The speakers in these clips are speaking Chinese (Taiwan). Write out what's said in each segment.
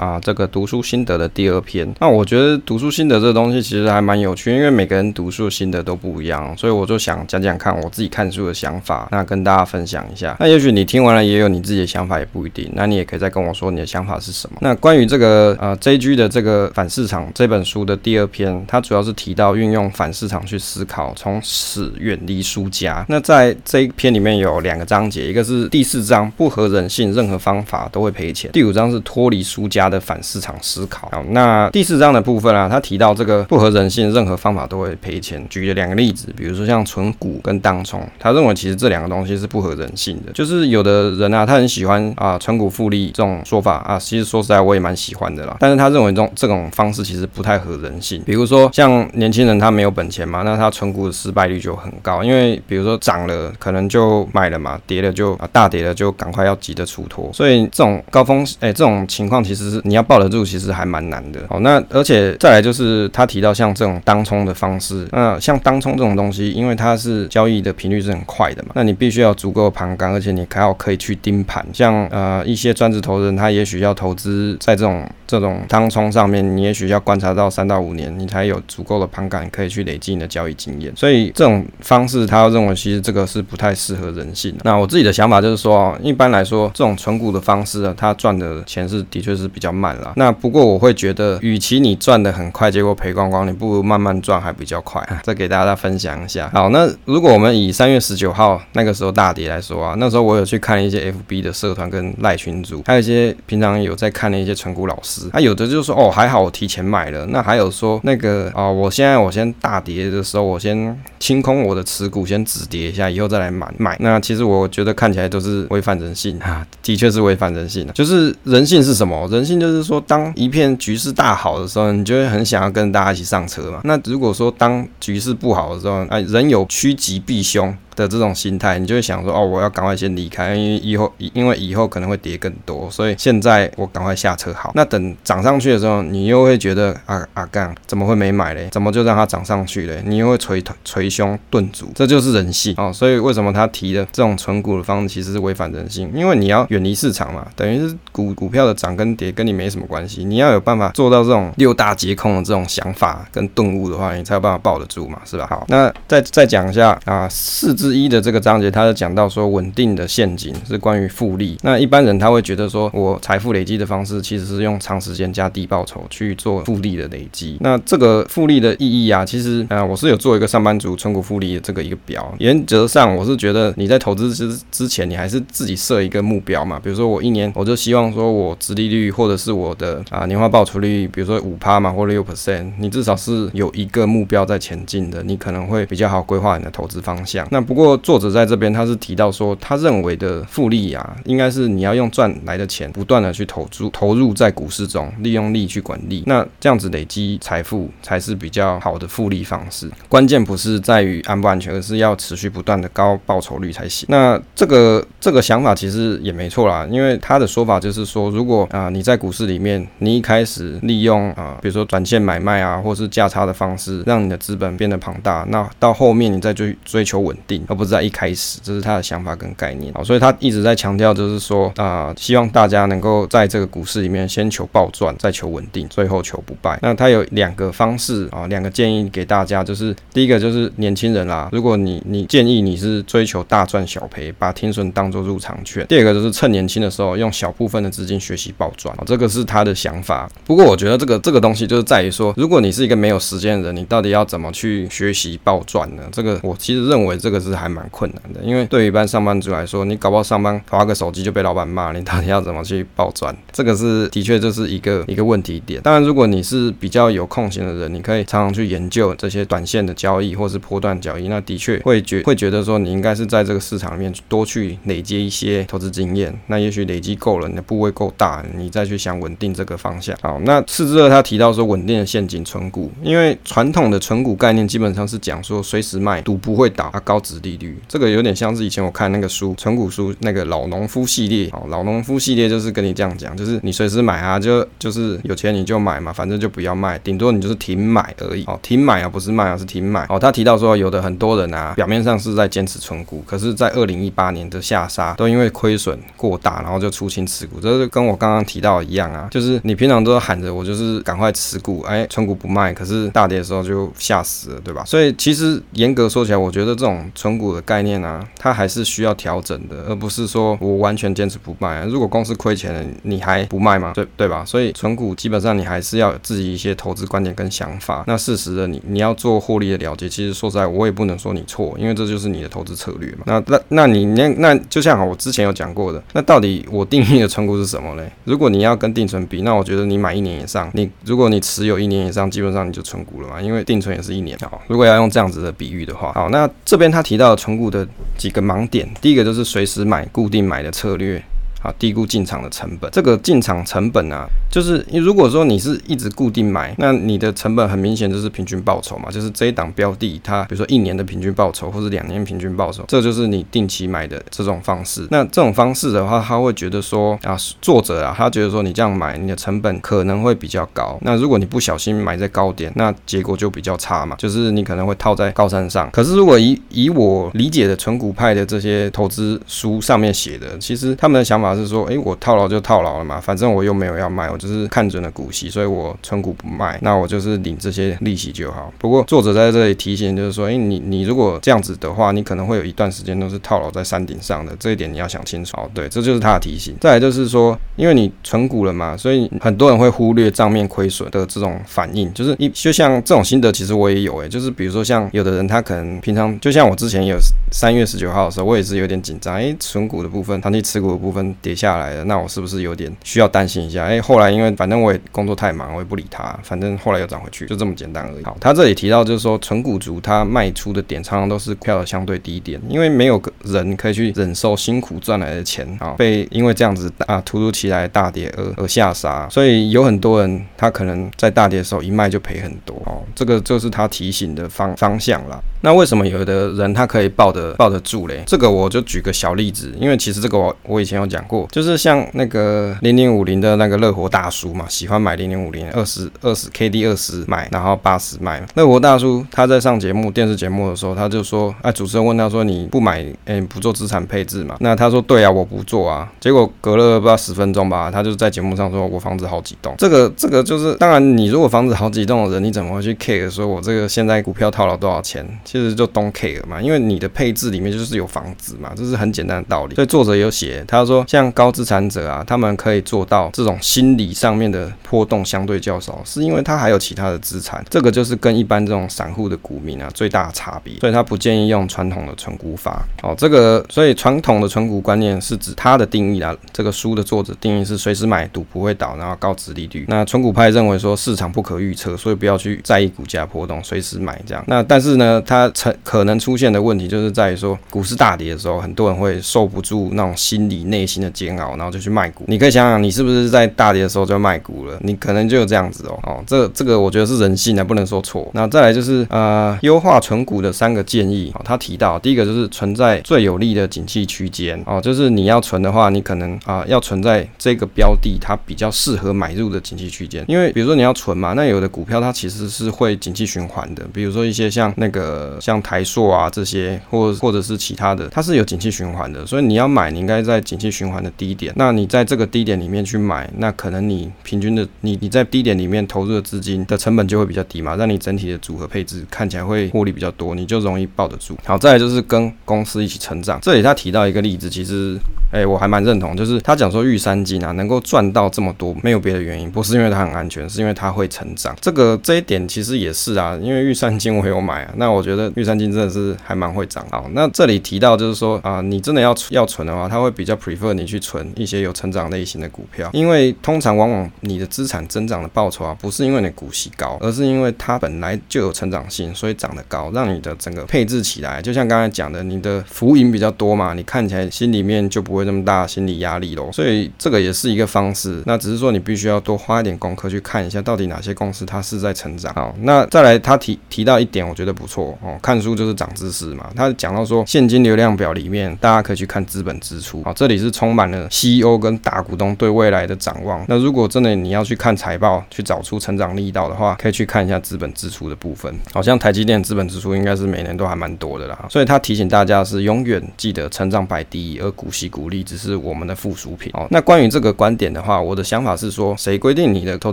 啊，這個讀書心得的第二篇，那我覺得讀書心得這個東西其實還蠻有趣，因為每個人讀書心得都不一樣，所以我就想講講看我自己看書的想法，那跟大家分享一下。那也許你聽完了也有你自己的想法也不一定，那你也可以再跟我說你的想法是什麼。那關於這個呃 JG 的這個反市場這本書的第二篇，它主要是提到運用反市場去思考，從此遠離輸家。那在這一篇裡面有兩個章節，一個是第四章，不合人性，任何方法都會賠錢；第五章是脫離輸家。的反市場思考好，那第四章的部分啊，他提到這個不合人性，任何方法都會賠錢。舉了兩個例子，比如說像存股跟當沖，他認為其實這兩個東西是不合人性的。就是有的人啊，他很喜歡啊存股複利這種說法啊，其實說實在我也蠻喜歡的啦。但是他認為這種這種方式其實不太合人性。比如說像年輕人他沒有本錢嘛，那他存股的失敗率就很高，因為比如說漲了可能就買了嘛，跌了就啊、呃、大跌了就趕快要急着出脫，所以這種高峰，哎、欸、這種情況其實是。你要抱得住，其實還蠻難的。好，那而且再來就是他提到像這種當沖的方式，那像當沖這種東西，因為它是交易的頻率是很快的嘛，那你必須要足夠盤感，而且你還要可以去盯盤。像呃一些專職投資人，他也許要投資在這種。這種當沖上面，你也許要觀察到三到五年，你才有足夠的盤感，可以去累積你的交易經驗。所以這種方式，他認為其實這個是不太適合人性的。那我自己的想法就是說，一般來說，這種存股的方式啊，他賺的錢是的確是比較慢啦。那不過我會覺得，與其你賺的很快，結果賠光光，你不如慢慢賺還比較快。再給大家再分享一下，好，那如果我們以三月十九號那個時候大跌來說啊，那時候我有去看一些 FB 的社團跟賴群組，還有一些平常有在看的一些存股老師。那、啊、有的就是說哦，還好我提前買了，那還有說那個啊、哦，我現在我先大跌的時候，我先清空我的持股，先止跌一下，以後再來買買。那其實我覺得看起來都是違反人性啊，的確是違反人性。就是人性是什麼？人性就是說，當一片局勢大好的時候，你就會很想要跟大家一起上車嘛。那如果說當局勢不好的時候，哎、啊，人有趨吉避凶。的這種心態，你就會想說哦，我要趕快先離開，因為以後因為以後可能會跌更多，所以現在我趕快下車好。那等漲上去的時候，你又會覺得啊啊，幹、啊，怎麼會沒買嘞？怎麼就讓它漲上去嘞？你又會捶捶胸頓足，這就是人性哦。所以為什麼他提的這種存股的方式，式其實是違反人性，因為你要遠離市場嘛，等於是股股票的漲跟跌跟你沒什麼關係。你要有辦法做到這種六大節空的這種想法跟頓悟的話，你才有辦法抱得住嘛，是吧？好，那再再講一下啊，四只。第一的這個章節，他就講到說，穩定的陷阱，是關於複利。那一般人他會覺得說，我財富累積的方式其實是用長時間加低報酬去做複利的累積。那這個複利的意義啊，其實啊、呃，我是有做一個上班族存股複利的這個一個表。原則上，我是覺得你在投資之之前，你還是自己設一個目標嘛。比如說我一年，我就希望說我殖利率或者是我的啊年化報酬率，比如說五趴嘛，或者六 percent，你至少是有一個目標在前進的，你可能會比較好規劃你的投資方向。那不過，不過，作者在這邊他是提到說，他認為的複利啊，應該是你要用賺來的錢不斷的去投注、投入在股市中，利用利去管理，那這樣子累積財富才是比較好的複利方式。關鍵不是在於安不安全，而是要持續不斷的高報酬率才行。那這個這個想法其實也沒錯啦，因為他的說法就是說，如果啊、呃、你在股市裡面，你一開始利用啊、呃，比如說短線買賣啊，或是價差的方式，讓你的資本變得龐大，那到後面你再追追求穩定。而不是在一開始，這、就是他的想法跟概念啊，所以他一直在強調，就是說啊、呃，希望大家能夠在這個股市裡面先求暴賺，再求穩定，最後求不敗。那他有兩個方式啊，兩個建議給大家，就是第一個就是年輕人啦、啊，如果你你建議你是追求大賺小賠，把停損當做入場券；第二個就是趁年輕的時候用小部分的資金學習暴賺啊，這個是他的想法。不過我覺得這個這個東西就是在於說，如果你是一個沒有時間的人，你到底要怎麼去學習暴賺呢？這個我其實認為這個是。是還蠻困難的，因為對於一般上班族來說，你搞不好上班劃個手機就被老闆罵，你到底要怎麼去暴賺？這個是的確這是一個一個問題點。當然，如果你是比較有空閒的人，你可以常常去研究這些短線的交易或是波段交易，那的確會覺會覺得說你應該是在這個市場裡面多去累積一些投資經驗，那也許累積夠了，你的部位夠大，你再去想穩定這個方向。好，那次之二他提到說穩定的陷阱存股，因為傳統的存股概念基本上是講說隨時賣，賭不會打、啊、高值。利率這個有點像是以前我看那個書存股書那個老農夫系列哦，老農夫系列就是跟你這樣講，就是你隨時買啊，就就是有錢你就買嘛，反正就不要賣，頂多你就是停買而已哦，停買啊不是賣啊是停買哦。他提到說有的很多人啊，表面上是在堅持存股，可是在二零一八年的下殺都因為虧損過大，然後就出清持股，這就跟我剛剛提到一樣啊，就是你平常都喊着我就是趕快持股，哎、欸、存股不賣，可是大跌的時候就嚇死了，對吧？所以其實嚴格說起來，我覺得這種存存股的概念啊，它還是需要調整的，而不是說我完全堅持不賣啊。如果公司虧錢了，你還不賣嗎？對對吧？所以存股基本上你還是要有自己一些投資觀點跟想法。那事實的你你要做獲利的了結，其實說實在我也不能說你錯，因為這就是你的投資策略嘛。那那那你那那就像我之前有講過的，那到底我定義的存股是什麼呢？如果你要跟定存比，那我覺得你買一年以上，你如果你持有一年以上，基本上你就存股了嘛，因為定存也是一年。好，如果要用這樣子的比喻的話，好，那這邊他提。要存股的幾個盲點，第一個就是隨時買、固定買的策略。啊，低估進場的成本，這個進場成本啊，就是你如果說你是一直固定買，那你的成本很明顯就是平均報酬嘛，就是這一檔標的它，比如說一年的平均報酬或者兩年平均報酬，這就是你定期買的這種方式。那這種方式的話，他會覺得說啊，作者啊，他覺得說你這樣買，你的成本可能會比較高。那如果你不小心買在高點，那結果就比較差嘛，就是你可能會套在高山上。可是如果以以我理解的存股派的這些投資書上面寫的，其實他們的想法。還是說，哎，我套牢就套牢了嘛，反正我又沒有要賣，我就是看準了股息，所以我存股不賣，那我就是領這些利息就好。不過作者在這裡提醒，就是說，哎，你你如果這樣子的話，你可能會有一段時間都是套牢在山頂上的，這一點你要想清楚。哦，對，這就是他的提醒。再來就是說，因為你存股了嘛，所以很多人會忽略賬面虧損的這種反應，就是一就像這種心得，其實我也有，誒，就是比如說像有的人他可能平常，就像我之前有三月十九號的時候，我也是有點緊張，哎，存股的部分，長期持股的部分。跌下來了，那我是不是有點需要擔心一下？哎、欸，後來因為反正我也工作太忙，我也不理他。反正後來又漲回去，就這麼簡單而已。好，他這裡提到就是說，存股族他賣出的點常常都是票的相對低點，因為沒有人可以去忍受辛苦賺來的錢啊，被因為這樣子啊，突如其來大跌而而下殺，所以有很多人他可能在大跌的時候一賣就賠很多。哦，這個就是他提醒的方方向啦。那為什麼有的人他可以抱得抱得住嘞？這個我就舉個小例子，因為其實這個我我以前有講過就是像那個零零五零的那個樂活大叔嘛，喜歡買零零五零二十二十 KD 二十買，然後八十賣。樂活大叔他在上節目電視節目的時候，他就說，哎，主持人問他說，你不買，嗯，不做資產配置嘛？那他說，對啊，我不做啊。結果隔了不知道十分鐘吧，他就在節目上說我房子好幾棟。這個這個就是，當然你如果房子好幾棟的人，你怎麼會去 care 說我這個現在股票套了多少錢？其實就 don't care 嘛，因為你的配置裡面就是有房子嘛，這是很簡單的道理。所以作者有寫，他說像。像高資產者啊，他們可以做到這種心理上面的波動相對較少，是因為他還有其他的資產，這個就是跟一般這種散戶的股民啊最大差別，所以他不建議用傳統的存股法。哦，這個所以傳統的存股觀念是指他的定義啦、啊，這個書的作者定義是隨時買，賭不會倒，然後高殖利率。那存股派認為說市場不可預測，所以不要去在意股價波動，隨時買這樣。那但是呢，它可能出現的問題就是在於說股市大跌的時候，很多人會受不住那種心理內心的煎熬，然後就去賣股。你可以想想，你是不是在大跌的時候就賣股了？你可能就這樣子哦。哦，這這個我覺得是人性的，不能說錯。那再來就是呃，優化存股的三個建議。哦，他提到第一個就是存在最有利的景氣區間。哦，就是你要存的話，你可能啊要存在這個標的它比較適合買入的景氣區間。因為比如說你要存嘛，那有的股票它其實是會景氣循環的。比如說一些像那個像台塑啊這些，或或者是其他的，它是有景氣循環的。所以你要買，你應該在景氣循環。的低點，那你在這個低點裡面去買，那可能你平均的你你在低點裡面投入的資金的成本就會比較低嘛，讓你整體的組合配置看起來會獲利比較多，你就容易抱得住。好，再來就是跟公司一起成長。這裡他提到一個例子，其實誒、欸、我還蠻認同，就是他講說玉山金啊，能夠賺到這麼多，沒有別的原因，不是因為它很安全，是因為它會成長。這個這一點其實也是啊，因為玉山金我也有買啊，那我覺得玉山金真的是還蠻會漲。好，那這裡提到就是說啊、呃，你真的要要存的話，他會比較 prefer 你。去存一些有成長類型的股票，因為通常往往你的資產增長的報酬啊，不是因為你的股息高，而是因為它本來就有成長性，所以漲得高，讓你的整個配置起來，就像剛才講的，你的浮盈比較多嘛，你看起來心裡面就不會那麼大心理壓力咯。所以這個也是一個方式，那只是說你必須要多花一點功課去看一下，到底哪些公司它是在成長。好，那再來他提提到一點，我覺得不錯哦，看書就是長知識嘛。他講到說現金流量表裡面，大家可以去看資本支出，好，這裡是充。充滿了 CEO 跟大股東對未來的展望。那如果真的你要去看財報，去找出成長力道的話，可以去看一下資本支出的部分。好像台積電資本支出應該是每年都還蠻多的啦。所以他提醒大家是永遠記得成長擺第一，而股息股利只是我們的附屬品哦。那關於這個觀點的話，我的想法是說，誰規定你的投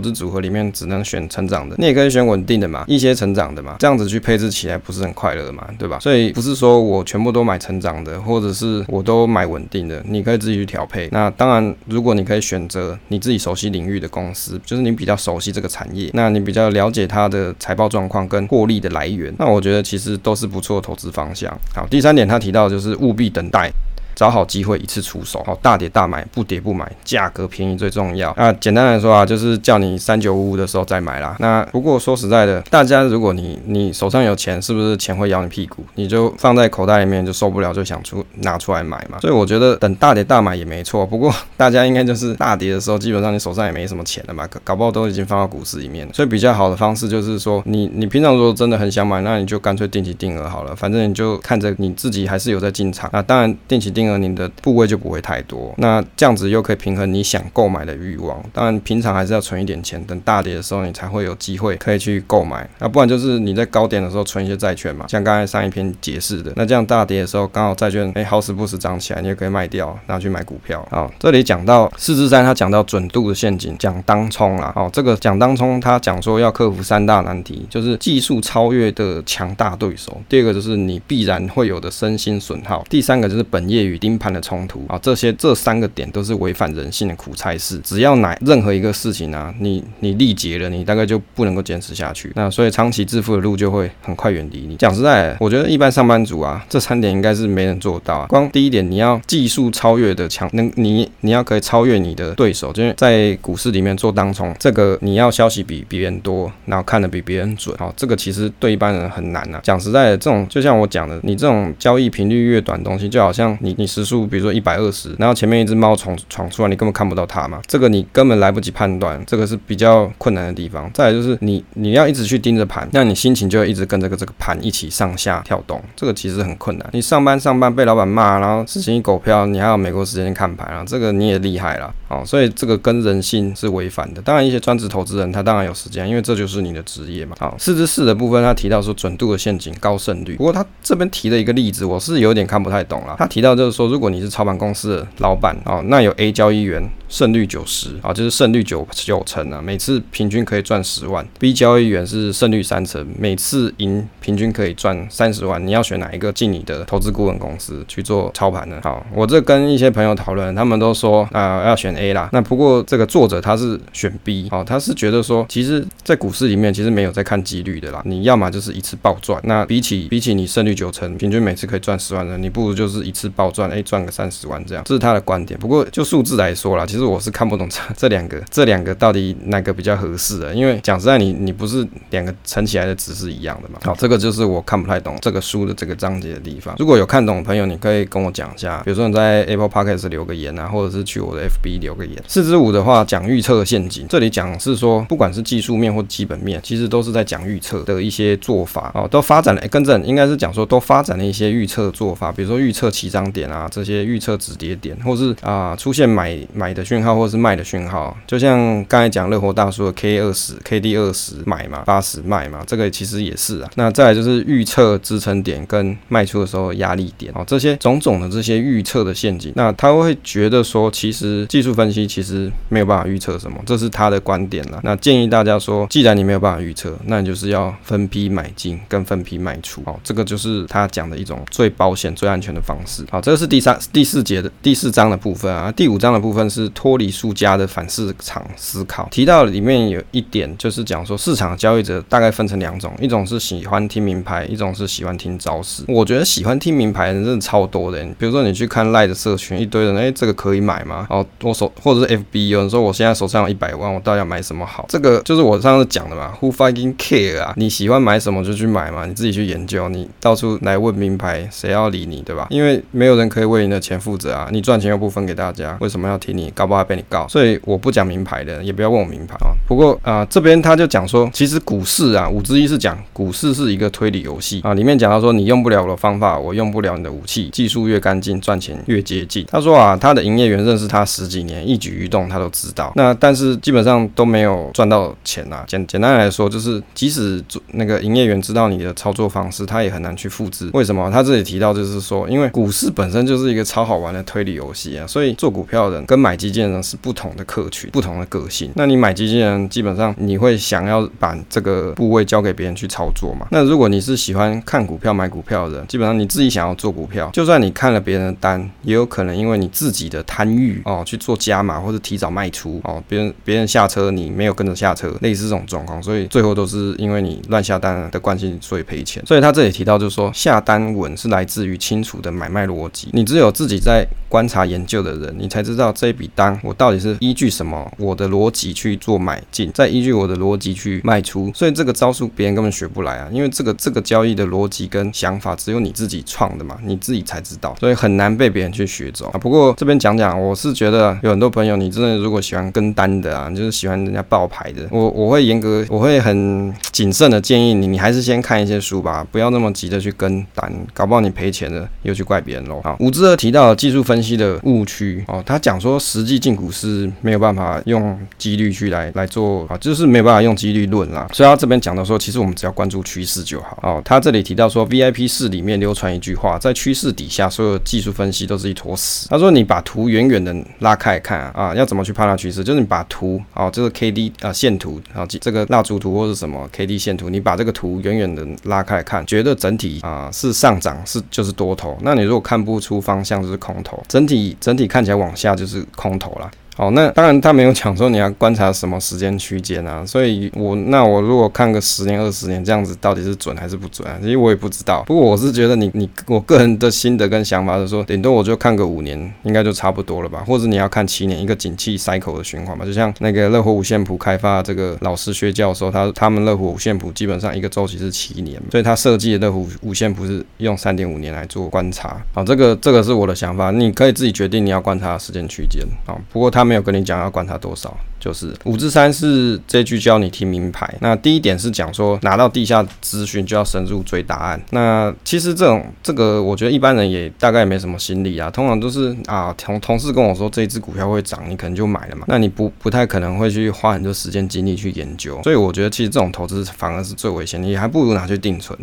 資組合裡面只能選成長的？你也可以選穩定的嘛，一些成長的嘛，這樣子去配置起來不是很快樂嘛，對吧？所以不是說我全部都買成長的，或者是我都買穩定的，你可以自己。調配。那當然，如果你可以選擇你自己熟悉領域的公司，就是你比較熟悉這個產業，那你比較了解它的財報狀況跟獲利的來源，那我覺得其實都是不錯的投資方向。好，第三點他提到就是務必等待。找好機會一次出手，好，大跌大買，不跌不買，價格便宜最重要。那簡單來說啊，就是叫你三九五五的時候再買啦。那不過說實在的，大家如果你你手上有錢，是不是錢會咬你屁股？你就放在口袋裡面就受不了，就想出拿出來買嘛。所以我覺得等大跌大買也沒錯。不過大家應該就是大跌的時候，基本上你手上也沒什麼錢了嘛，搞不好都已經放到股市裡面了。所以比較好的方式就是說，你你平常如果真的很想買，那你就乾脆定期定額好了，反正你就看着你自己還是有在進場。那當然定期定。那你的部位就不會太多，那這樣子又可以平衡你想購買的欲望。當然，平常還是要存一點錢，等大跌的時候你才會有機會可以去購買。那不然就是你在高點的時候存一些債券嘛，像剛才上一篇解釋的，那這樣大跌的時候剛好債券哎、欸、好死不死漲起來，你也可以賣掉拿去買股票。好，這裡講到四之三，他講到準度的陷阱，講當沖啦。哦，這個講當沖，他講說要克服三大難題，就是技術超越的強大對手。第二個就是你必然會有的身心損耗。第三個就是本業與盯盤的衝突啊、哦，這些這三個點都是違反人性的苦差事。只要乃任何一個事情啊，你你力竭了，你大概就不能夠堅持下去。那所以長期致富的路就會很快遠離你。講實在的，我覺得一般上班族啊，這三點應該是沒人做到啊。光第一點，你要技術超越的強，能你你要可以超越你的對手，就是在股市裡面做當衝，這個你要消息比別人多，然後看得比別人準。好、哦，這個其實對一般人很難啊。講實在的，這種就像我講的，你這種交易頻率越短的東西，就好像你。你時速比如說一百二十，然後前面一隻貓闖闖出來，你根本看不到它嘛，這個你根本來不及判斷，這個是比較困難的地方。再來就是你你要一直去盯着盤，那你心情就會一直跟這個這個盤一起上下跳動，這個其實很困難。你上班上班被老闆罵，然後事情一狗票，你還有美國時間看盤啊，這個你也厲害了，好、哦，所以這個跟人性是違反的。當然一些專職投資人他當然有時間，因為這就是你的職業嘛。好、哦，四十四的部分他提到說準度的陷阱高勝率，不過他這邊提的一個例子我是有點看不太懂了，他提到這、就。是就說如果你是操盤公司的老闆哦，那有 A 交易員勝率九十啊，就是勝率九九成啊，每次平均可以賺十萬；B 交易員是勝率三成，每次贏平均可以賺三十萬。你要選哪一個進你的投資顧問公司去做操盤呢？好，我這跟一些朋友討論，他們都說啊、呃、要選 A 啦。那不過這個作者他是選 B，哦，他是覺得說，其實，在股市裡面其實沒有在看幾率的啦。你要嘛就是一次暴賺，那比起比起你勝率九成，平均每次可以賺十萬的，你不如就是一次暴。賺哎，賺個三十萬這樣，這是他的觀點。不過就數字來說啦，其實我是看不懂這這兩個，這兩個到底哪個比較合適的。因為講實在，你你不是兩個乘起來的值是一樣的嘛？好，這個就是我看不太懂這個書的這個章節的地方。如果有看懂的朋友，你可以跟我講一下，比如說你在 Apple Podcast 留個言啊，或者是去我的 FB 留個言。四十五的話講預測陷阱，這裡講是說不管是技術面或基本面，其實都是在講預測的一些做法哦，都發展了、欸，更正應該是講說都發展了一些預測做法，比如說預測起漲點。啊，這些預測止跌點，或是啊出現買買的訊號，或是賣的訊號，就像剛才講樂活大叔的 K 二十、KD 二十買嘛，八十賣嘛，這個其實也是啊。那再來就是預測支撐點跟賣出的時候的壓力點哦，這些種種的這些預測的陷阱，那他會覺得說，其實技術分析其實沒有辦法預測什麼，這是他的觀點啦。那建議大家說，既然你沒有辦法預測，那你就是要分批買進跟分批賣出哦，這個就是他講的一種最保險、最安全的方式。好、哦，這。這是第三、第四節的第四章的部分啊，第五章的部分是脫離輸家的反市場思考。提到裡面有一點，就是講說市場交易者大概分成兩種，一種是喜歡聽名牌，一種是喜歡聽招式。我覺得喜歡聽名牌的人真的超多的，欸。比如說你去看賴的社群，一堆人，哎、欸，這個可以買嗎？哦，我手或者是 FB，有人說我現在手上有一百萬，我到底要買什麼好？這個就是我上次講的嘛，Who fucking care 啊？你喜歡買什麼就去買嘛，你自己去研究，你到處來問名牌，誰要理你對吧？因為沒有人。可以為你的錢負責啊！你賺錢又不分給大家，為什麼要提你？搞不好被你告。所以我不講名牌的，也不要問我名牌啊。不過啊，呃，這邊他就講說，其實股市啊，五之一是講股市是一個推理遊戲啊。裡面講到說，你用不了我的方法，我用不了你的武器。技術越乾淨，賺錢越接近。他說啊，他的營業員認識他十幾年，一舉一動他都知道。那但是基本上都沒有賺到錢啊。簡簡單來說，就是即使那個營業員知道你的操作方式，他也很難去複製。為什麼？他這裡提到就是說，因為股市本身。就是一個超好玩的推理遊戲啊，所以做股票的人跟買基金的人是不同的客群，不同的個性。那你買基金的人基本上你會想要把這個部位交給別人去操作嘛？那如果你是喜歡看股票買股票的人，基本上你自己想要做股票，就算你看了別人的單，也有可能因為你自己的貪欲哦去做加碼或者提早賣出哦，別人別人下車你沒有跟着下車，類似這種狀況，所以最後都是因為你亂下單的關係，所以賠錢。所以他這裡提到就是說下單穩是來自於清楚的買賣邏輯。你只有自己在觀察研究的人，你才知道這筆單我到底是依據什麼我的邏輯去做買進，再依據我的邏輯去賣出，所以這個招數別人根本學不來啊！因為這個這個交易的邏輯跟想法只有你自己創的嘛，你自己才知道，所以很難被別人去學走啊。不過這邊講講，我是覺得有很多朋友，你真的如果喜歡跟單的啊，你就是喜歡人家報牌的，我我會嚴格，我會很謹慎的建議你，你還是先看一些書吧，不要那麼急着去跟單，搞不好你賠錢了又去怪別人嘍。吳志和提到技術分析的誤區哦，他講說實際進股是沒有辦法用幾率去來來做啊，就是沒有辦法用幾率論啦。所以他這邊講到說，其實我們只要關注趨勢就好。哦，他這裡提到說，VIP 室裡面流傳一句話，在趨勢底下，所有技術分析都是一坨屎。他說你把圖遠遠的拉開看啊，要怎麼去判斷趨勢，就是你把圖哦、啊，就是 K D 啊線圖啊，這個蠟燭圖或是什麼 K D 線圖，你把這個圖遠遠的拉開看，覺得整體啊是上漲是就是多頭。那你如果看不。出方向就是空頭，整體整體看起來往下就是空頭啦。好、哦，那當然他沒有講說你要觀察什麼時間區間啊，所以我那我如果看個十年二十年這樣子，到底是準還是不準啊？其實我也不知道。不過我是覺得你你我個人的心得跟想法是說，頂多我就看個五年，應該就差不多了吧？或者你要看七年一個景氣塞口 c l e 的循環嘛？就像那個樂火五線譜開發這個老師學教的時候，他他們樂火五線譜基本上一個周期是七年，所以他設計的樂火五線譜是用三點五年來做觀察。好、哦，這個這個是我的想法，你可以自己決定你要觀察的時間區間啊。不過他。沒有跟你講要觀察多少，就是五至三是這句教你聽名牌。那第一點是講說拿到地下資訊就要深入追答案。那其實這種這個，我覺得一般人也大概也沒什麼心理啊。通常都是啊，同同事跟我說，這隻股票會漲，你可能就買了嘛。那你不不太可能會去花很多時間精力去研究。所以我覺得其實這種投資反而是最危險，你還不如拿去定存。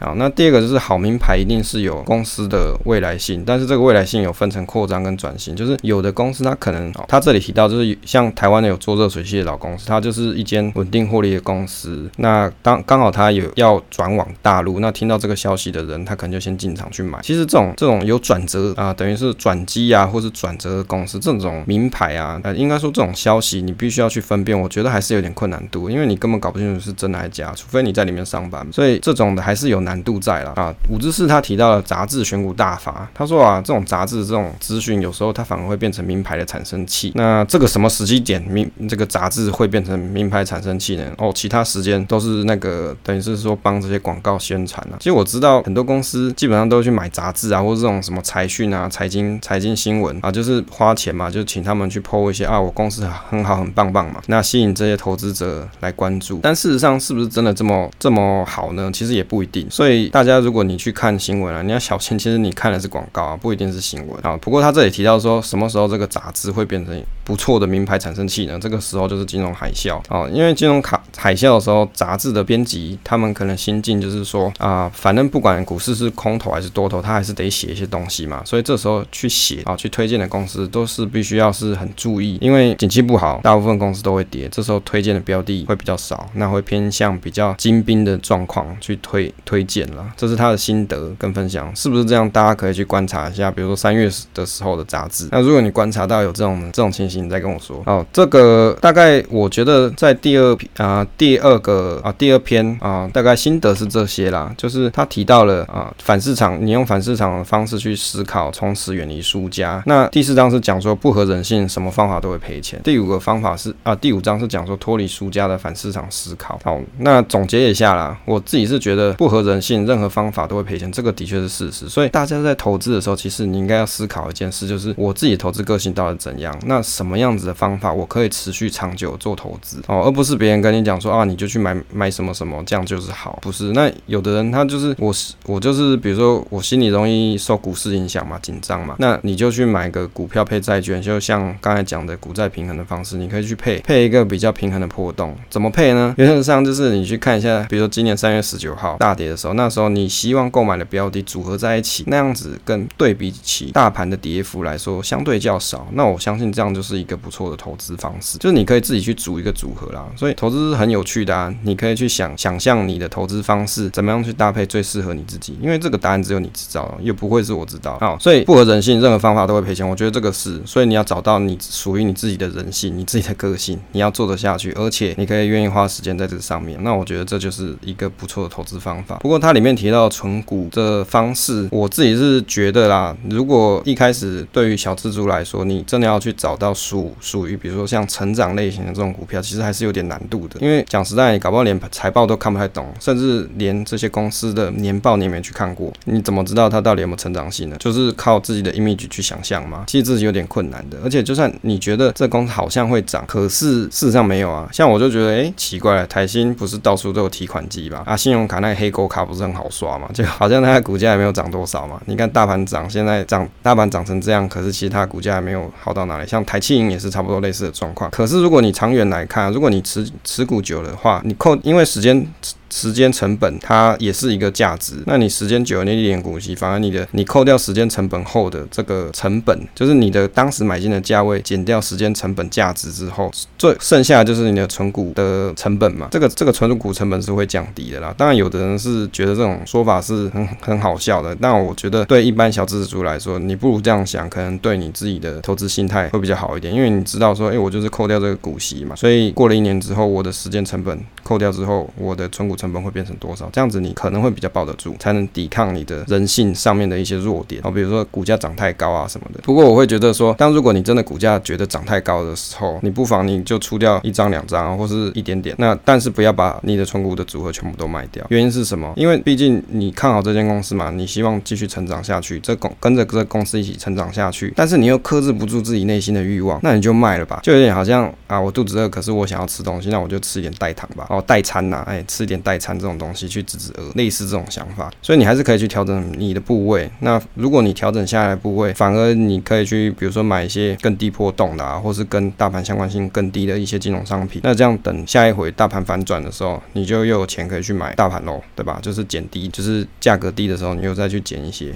好，那第二個就是好名牌一定是有公司的未來性，但是這個未來性有分成擴張跟轉型，就是有的公司它可能它、哦、這裡提到就是像台灣有做熱水器的老公司，它就是一間穩定獲利的公司，那剛剛好他有要轉往大陸，那聽到這個消息的人，他可能就先進場去買。其實這種這種有轉折啊、呃，等於是轉機啊，或是轉折的公司，這種名牌啊，呃，應該說這種消息你必須要去分辨，我覺得還是有點困難度，因為你根本搞不清楚是真的還是假，除非你在裡面上班，所以這種的還是有難。難度在啦、啊，五之四他提到了雜誌選股大法，他說啊，這種雜誌這種資訊有時候它反而會變成明牌的產生器。那這個什麼時機點名這個雜誌會變成明牌產生器呢？哦，其他時間都是那個等於是說幫這些廣告宣傳啦、啊。其實我知道很多公司基本上都去買雜誌啊，或者這種什麼財訊啊、財經財經新聞啊，就是花錢嘛，就請他們去 PO 一些啊，我公司很好很棒棒嘛，那吸引這些投資者來關注。但事實上是不是真的這麼這麼好呢？其實也不一定。所以大家，如果你去看新聞啊，你要小心。其實你看的是廣告啊，不一定是新聞啊。不過他這裡提到說，什麼時候這個雜誌會變成不錯的明牌產生器呢？這個時候就是金融海嘯啊。因為金融卡海嘯的時候，雜誌的編輯他們可能心境就是說啊，反正不管股市是空頭還是多頭，他還是得寫一些東西嘛。所以這時候去寫啊，去推薦的公司都是必須要是很注意，因為景氣不好，大部分公司都會跌。這時候推薦的標的會比較少，那會偏向比較精兵的狀況去推推。減了，這是他的心得跟分享，是不是這樣？大家可以去觀察一下，比如說三月的時候的雜誌。那如果你觀察到有這種這種情形，你再跟我說。好，這個大概我覺得在第二啊、呃、第二個啊，第二篇啊，大概心得是這些啦，就是他提到了啊，反市場，你用反市場的方式去思考，從此遠離輸家。那第四章是講說不合人性，什麼方法都會賠錢。第五個方法是啊，第五章是講說脫離輸家的反市場思考。好，那總結一下啦，我自己是覺得不合人。信任何方法都會賠錢，這個的確是事實。所以大家在投資的時候，其實你應該要思考一件事，就是我自己投資個性到底怎樣？那什麼樣子的方法我可以持續長久做投資哦，而不是別人跟你講說啊，你就去買買什麼什麼，這樣就是好。不是，那有的人他就是我是我就是，比如說我心裡容易受股市影響嘛，緊張嘛，那你就去買個股票配債券，就像剛才講的股債平衡的方式，你可以去配配一個比較平衡的波動。怎麼配呢？原則上就是你去看一下，比如說今年三月十九號大跌的時候。時候，那時候你希望購買的標的組合在一起，那樣子跟對比起大盤的跌幅來說，相對較少。那我相信這樣就是一個不錯的投資方式，就是你可以自己去組一個組合啦。所以投資是很有趣的啊，你可以去想想象你的投資方式怎麼樣去搭配最適合你自己，因為這個答案只有你知道，又不會是我知道。好，哦，所以不合人性，任何方法都會賠錢。我覺得這個是，所以你要找到你屬於你自己的人性，你自己的個性，你要做得下去，而且你可以願意花時間在這個上面。那我覺得這就是一個不錯的投資方法。不過它裡面提到存股的方式，我自己是覺得啦，如果一開始對於小資族來說，你真的要去找到屬屬於，比如說像成長類型的這種股票，其實還是有點難度的。因為講實在，搞不好連財報都看不太懂，甚至連這些公司的年報你也沒去看過，你怎麼知道它到底有沒有成長性呢？就是靠自己的 image 去想象嘛，其實自己有點困難的。而且就算你覺得這公司好像會漲，可是事實上沒有啊。像我就覺得，哎、欸，奇怪了，台新不是到處都有提款機吧？啊，信用卡那黑狗卡。它不是很好刷嘛，就好像它的股價也沒有漲多少嘛。你看大盤漲，現在漲，大盤漲成這樣，可是其他股價也沒有好到哪裡。像台企銀也是差不多類似的狀況。可是如果你長遠來看，如果你持持股久的話，你扣，因為時間。時間成本它也是一個價值，那你時間久了那一點點股息，反而你的你扣掉時間成本後的這個成本，就是你的當時買進的價位減掉時間成本價值之後，最剩下的就是你的存股的成本嘛。這個這個存股成本是會降低的啦。當然有的人是覺得這種說法是很很好笑的，但我覺得對一般小資族來說，你不如這樣想，可能對你自己的投資心態會比較好一點，因為你知道說，哎、欸，我就是扣掉這個股息嘛，所以過了一年之後，我的時間成本扣掉之後，我的存股。成本會變成多少？這樣子你可能會比較抱得住，才能抵抗你的人性上面的一些弱點啊，比如說股價漲太高啊什麼的。不過我會覺得說，當如果你真的股價覺得漲太高的時候，你不妨你就出掉一張兩張，或是一點點。那但是不要把你的存股的組合全部都賣掉。原因是什麼？因為畢竟你看好這間公司嘛，你希望繼續成長下去，這公跟着這個公司一起成長下去。但是你又克制不住自己內心的欲望，那你就賣了吧，就有點好像啊，我肚子餓，可是我想要吃東西，那我就吃一點代糖吧，哦，代餐吶、啊，哎，吃一點代。代餐這種東西去止止呃，類似這種想法，所以你還是可以去調整你的部位。那如果你調整下來的部位，反而你可以去，比如說買一些更低波動的、啊，或是跟大盤相關性更低的一些金融商品。那這樣等下一回大盤反轉的時候，你就又有錢可以去買大盤嘍，對吧？就是減低，就是價格低的時候，你又再去減一些。